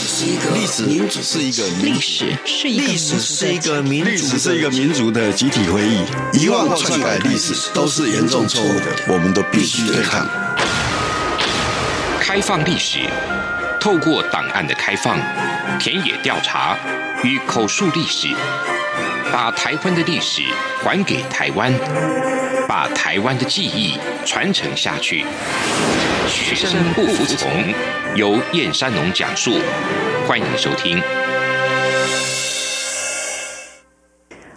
歷史是一個歷史是一個歷史是一個民族是，是一個民族的集體回憶，遺忘或篡改歷史都是嚴重錯誤的，我們都必須對抗。開放歷史，透過檔案的開放、田野調查與口述歷史，把台灣的歷史還給台灣。把台灣的記憶傳承下去。學生不服從，由燕山農講述，歡迎收聽。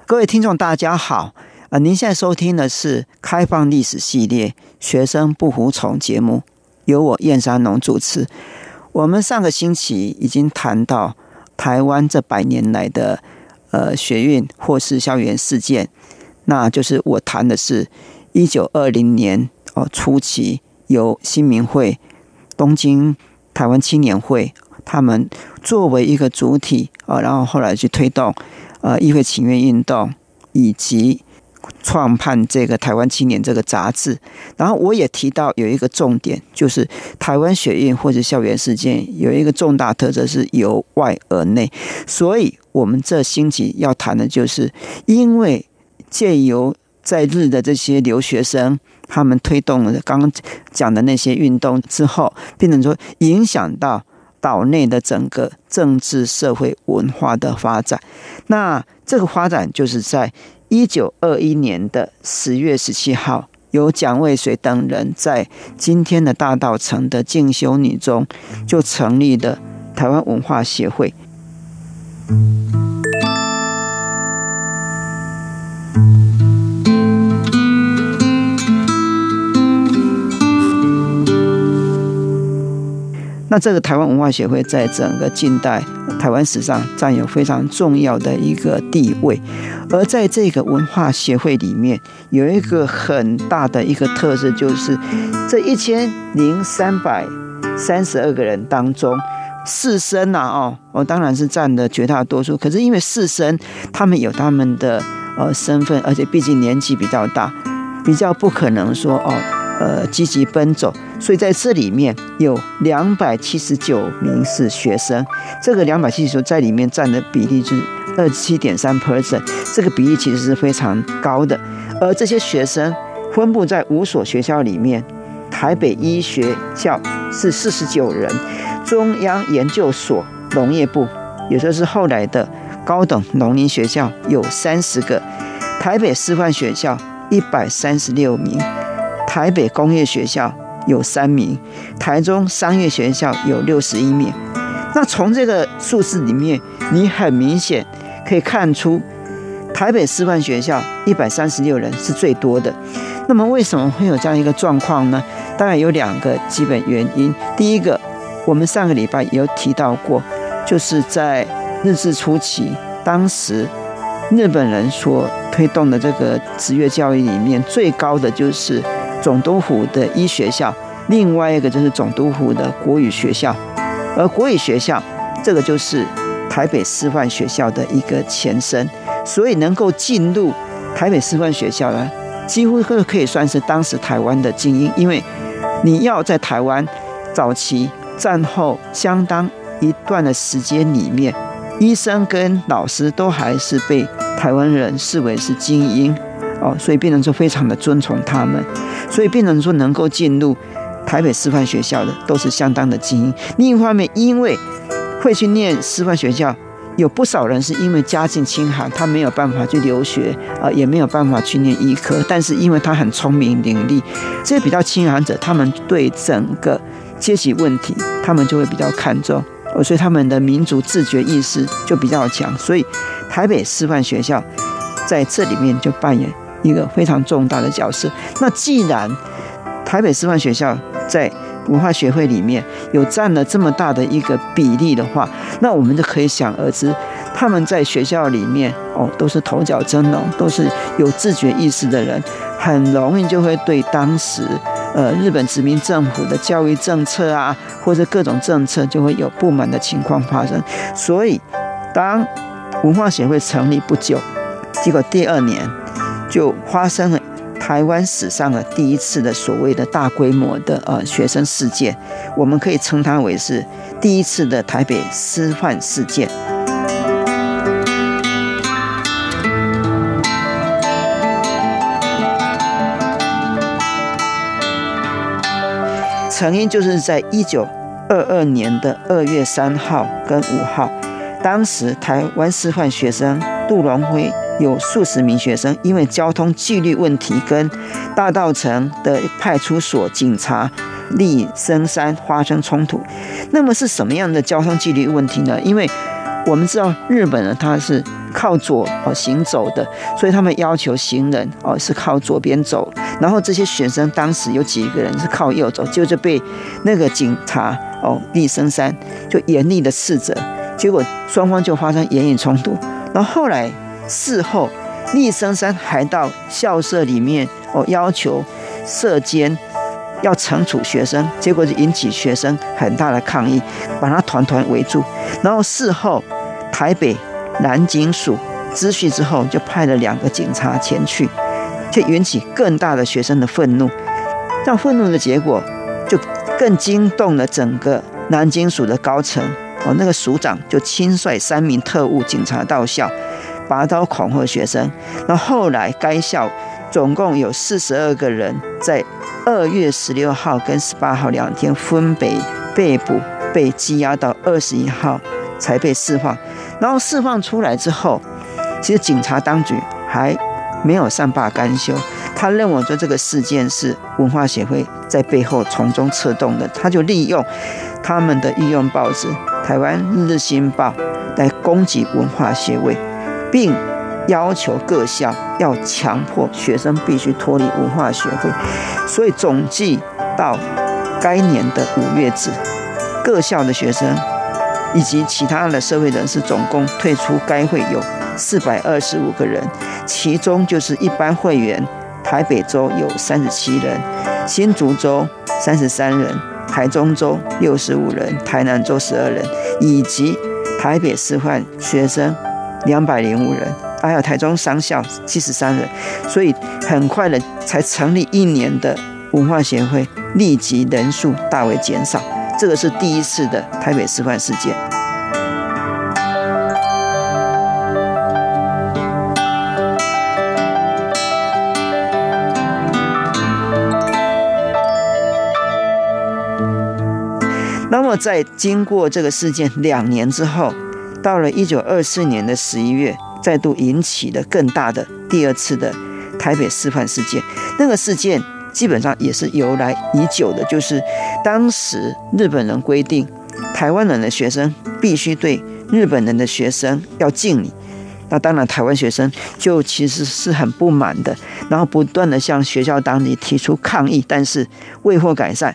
各位聽眾，大家好啊！呃，您現在收聽的是《開放歷史系列：學生不服從》節目，由我燕山農主持。我們上個星期已經談到台灣這百年來的呃學運或是校園事件。那就是我談的是，一九二零年哦初期，由新民會、東京、台灣青年會他們作為一個主體啊，然後後來去推動呃議會請願運動，以及創辦這個台灣青年這個雜誌。然後我也提到有一個重點，就是台灣學運或者校園事件有一個重大特色是由外而內，所以我們這星期要談的就是因為。借由在日的這些留學生，他們推動了剛剛講的那些運動之後，變成說影響到島內的整個政治、社會、文化的發展。那這個發展就是在一九二一年的十月十七號，由蔣渭水等人在今天的大稻埕的靜修女中就成立的台灣文化協會。那這個臺灣文化協會在整個近代臺灣史上佔有非常重要的一個地位，而在這個文化協會裡面，有一個很大的一個特色，就是這一千零三百三十二個人當中，士紳吶、啊，哦，我當然是佔了絕大多數。可是因為士紳他們有他們的呃身份，而且畢竟年紀比較大，比較不可能說哦。呃，積極奔走，所以在這裡面有兩百七十九名是學生，這個兩百七十九在裡面占的比例是二十七點三 percent，這個比例其實是非常高的。而這些學生分佈在五所學校裡面，台北醫學校是四十九人，中央研究所農業部，也就是後來的高等農林學校有三十個，台北師範學校一百三十六名。台北工業學校有三名，台中商業學校有六十一名。那從這個數字裡面，你很明顯可以看出，台北師範學校一百三十六人是最多的。那麼為什麼會有這樣一個狀況呢？當然有兩個基本原因。第一個，我們上個禮拜有提到過，就是在日治初期，當時日本人所推動的這個職業教育裡面，最高的就是。總督府的醫學校，另外一個就是總督府的國語學校。而國語學校這個就是台北師範學校的一個前身，所以能夠進入台北師範學校呢，幾乎可可以算是當時台灣的精英，因為你要在台灣早期戰後相當一段的時間裡面，醫生跟老師都還是被台灣人視為是精英。哦，所以變成說，就非常的尊崇他們，所以變成說，能夠進入台北師範學校的都是相當的精英。另一方面，因為會去念師範學校，有不少人是因為家境清寒，他沒有辦法去留學啊，也沒有辦法去念醫科。但是因為他很聰明伶俐，這些比較清寒者，他們對整個階級問題，他們就會比較看重，所以他們的民族自覺意識就比較強。所以台北師範學校在這裡面就扮演一個非常重大的角色。那既然台北師範學校在文化學會裡面有佔了這麼大的一個比例的話，那我們就可以想而知，他們在學校裡面哦，都是頭角崢嶸，都是有自覺意識的人，很容易就會對當時呃日本殖民政府的教育政策啊，或者各種政策，就會有不滿的情況發生。所以，當文化協會成立不久，結果第二年。就發生了台灣史上的第一次的所謂的大規模的呃學生事件，我們可以稱它為是第一次的台北師範事件。成因就是在一九二二年的二月三號跟五號，當時台灣師範學生杜榮輝。有數十名學生因為交通紀律問題，跟大稻埕的派出所警察立升山發生衝突。那麼是什麼樣的交通紀律問題呢？因為我們知道日本呢，它是靠左哦行走的，所以他們要求行人哦是靠左邊走。然後這些學生當時有幾個人是靠右走，就是被那個警察哦立升山就嚴厲的斥責，結果雙方就發生言語衝突。然後後來。事後，逆生山還到校舍裡面哦，要求舍監，要懲處學生，結果就引起學生很大的抗議，把他團團圍住。然後事後，台北南警署資訊之後，就派了兩個警察前去，卻引起更大的學生的憤怒。這樣憤怒的結果，就更驚動了整個南警署的高層哦，那個署長就親率三名特務警察到校。拔刀恐嚇學生，然後，後來該校總共有四十二個人，在二月十六號跟十八號兩天分別被捕，被羈押到二十一號才被釋放。然後釋放出來之後，其實警察當局還沒有善罷甘休，他認為說這個事件是文化協會在背後從中策動的，他就利用他們的御用報紙《台灣日日新報》來攻擊文化協會。並要求各校要強迫學生必須脫離文化學會，所以總計到該年的五月止，各校的學生以及其他的社會人士總共退出該會有四百二十五個人，其中就是一般會員，台北州有三十七人，新竹州三十三人，台中州六十五人，台南州十二人，以及台北師範學生，兩百零五人，還有台中商校七十三人，所以很快的，才成立一年的文化協會，立即人數大為減少。這個是第一次的台北師範事件。那麼，在經過這個事件兩年之後，到了一九二四年的十一月，再度引起了更大的第二次的台北示範事件。那個事件基本上也是由來已久的，就是當時日本人規定台灣人的學生必須對日本人的學生要敬禮。那當然，台灣學生就其實是很不滿的，然後不斷地向學校當局提出抗議，但是未獲改善。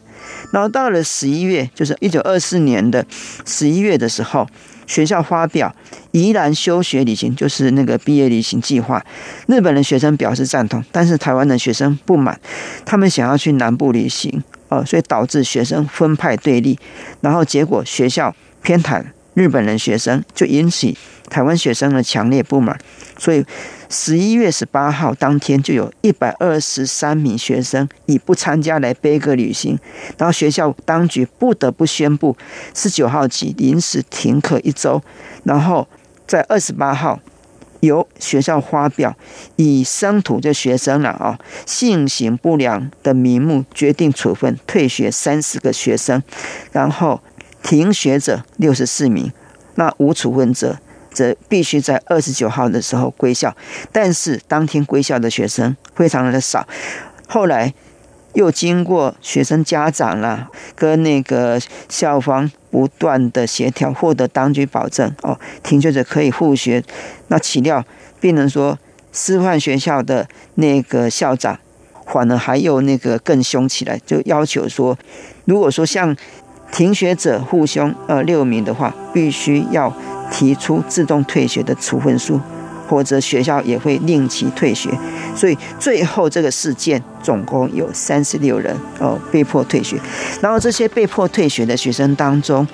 然後到了十一月，就是一九二四年的十一月的時候。學校發表宜蘭修學旅行，就是那個畢業旅行計劃。日本人學生表示贊同，但是台灣的學生不滿，他們想要去南部旅行，哦，所以導致學生分派對立，然後結果學校偏袒日本人學生，就引起台灣學生的強烈不滿，所以，十一月十八號當天，就有一百二十三名學生以不參加來背個旅行，然後學校當局不得不宣布十九號起臨時停課一周，然後在二十八號由學校發表以生徒這學生了哦，性行不良的名目決定處分退學三十個學生，然後停學者六十四名，那無處分者。則必須在二十九號的時候歸校，但是當天歸校的學生非常的少。後來又經過學生家長啦，跟那個校方不斷的協調，獲得當局保證哦，停學者可以復學。那豈料，病人說師範學校的那個校長，反而還有那個更兇起來，就要求說，如果說像停學者復學呃六名的話，必須要。提出自動退學的處分書，或者學校也會令其退學，所以最後這個事件總共有三十六人哦被迫退學。然後這些被迫退學的學生當中，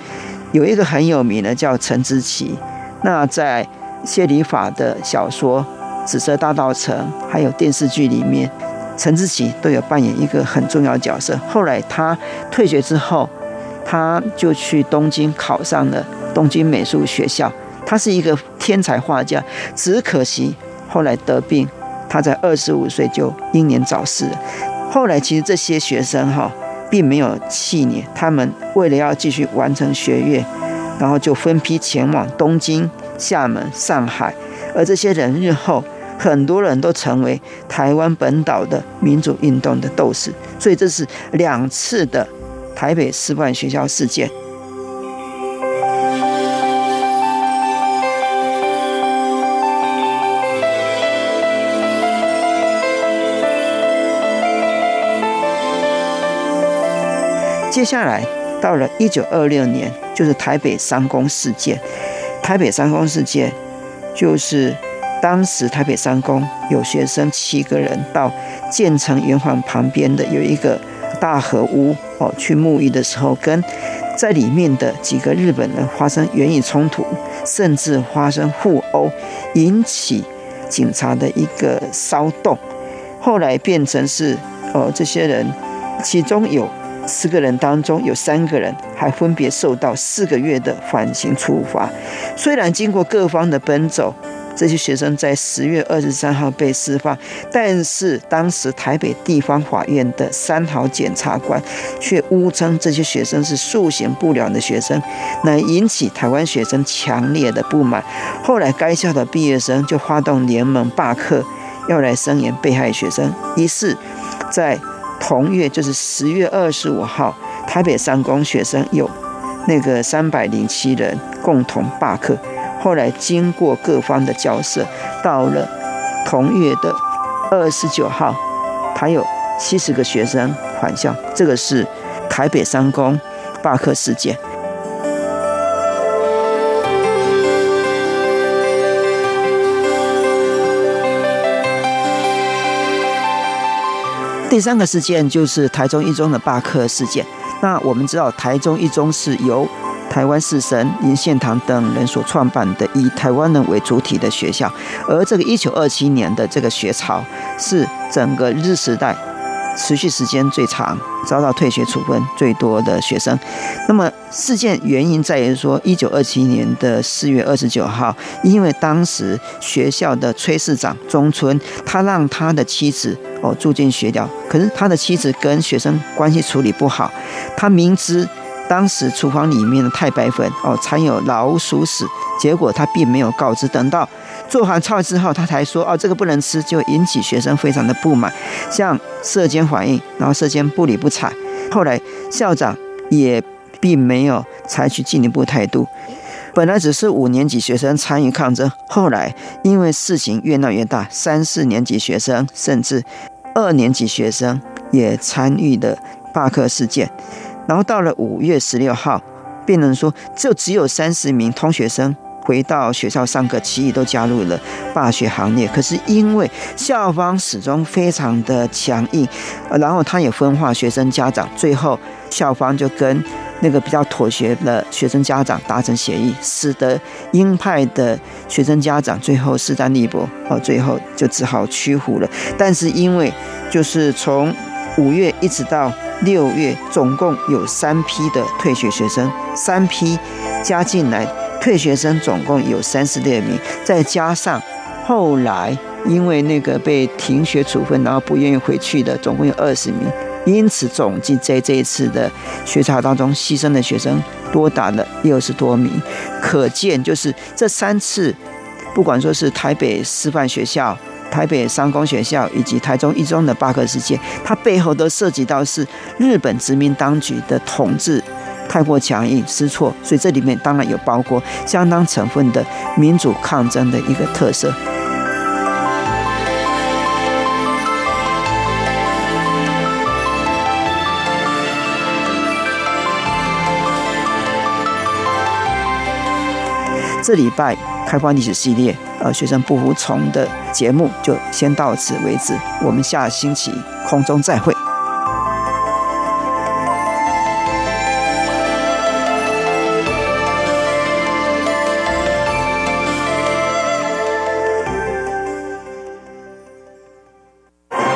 有一個很有名的叫陳植棋。那在謝里法的小說《紫色大稻埕》還有電視劇裡面，陳植棋都有扮演一個很重要的角色。後來他退學之後，他就去東京考上了。東京美術學校，他是一個天才畫家，只可惜後來得病，他在二十五歲就英年早逝了。後來其實這些學生哈、哦，並沒有氣餒，他們為了要繼續完成學業，然後就分批前往東京、廈門、上海，而這些人日後很多人都成為台灣本島的民主運動的鬥士，所以這是兩次的台北師範學校事件。接下來到了一九二六年，就是台北三公事件。台北三公事件，就是當時台北三公有學生七個人到建成圓環旁邊的有一個大和屋哦去沐浴的時候，跟在裡面的幾個日本人發生言語衝突，甚至發生互毆，引起警察的一個騷動。後來變成是哦，這些人其中有。四個人當中有三個人還分別受到四個月的緩刑處罰。雖然經過各方的奔走，這些學生在十月二十三號被釋放，但是當時台北地方法院的三好檢察官卻誣稱這些學生是素行不良的學生，那引起台灣學生強烈的不滿。後來該校的畢業生就發動聯盟罷課，要來聲援被害學生。於是，在同月就是十月二十五號，台北三公學生有那個三百零七人共同罷課，後來經過各方的交涉，到了同月的二十九號，還有七十個學生返校。這個是台北三公罷課事件。第三個事件就是台中一中的罷課事件。那我們知道，台中一中是由台灣士紳林獻堂等人所創辦的，以台灣人為主體的學校。而這個1927年的這個學潮，是整個日時代持續時間最長、遭到退學處分最多的學生。那麼事件原因在於說，1927年的4月29號，因為當時學校的炊事長中村，他讓他的妻子。哦，住進學校，可是他的妻子跟學生關係處理不好。他明知當時廚房裡面的太白粉哦摻有老鼠屎，結果他並沒有告知。等到做完菜之後，他才說哦，這個不能吃，就引起學生非常的不滿，向舍監反映，然後舍監不理不睬。後來校長也並沒有採取進一步態度。本來只是五年級學生參與抗爭，後來因為事情越鬧越大，三四年級學生甚至。二年級學生也參與了罷課事件，然後到了五月十六號，變成說就只有三十名通學生回到學校上課，其餘都加入了罷學行列。可是因為校方始終非常的強硬，然後他也分化學生家長，最後校方就跟。那個比較妥協的學生家長達成協議，使得鷹派的學生家長最後勢單力薄，哦，最後就只好屈服了。但是因為就是從五月一直到六月，總共有三批的退學學生，三批加進來，退學生總共有三十六名，再加上後來因為那個被停學處分然後不願意回去的，總共有二十名。因此總，總計在這一次的學潮當中，犧牲的學生多達了六十多名。可見，就是這三次，不管說是台北師範學校、台北商工學校，以及台中一中的罷課事件，它背後都涉及到是日本殖民當局的統治太過強硬、失措。所以，這裡面當然有包括相當成分的民主抗爭的一個特色。這禮拜開放歷史系列，呃，學生不服從的節目就先到此為止，我們下星期空中再會。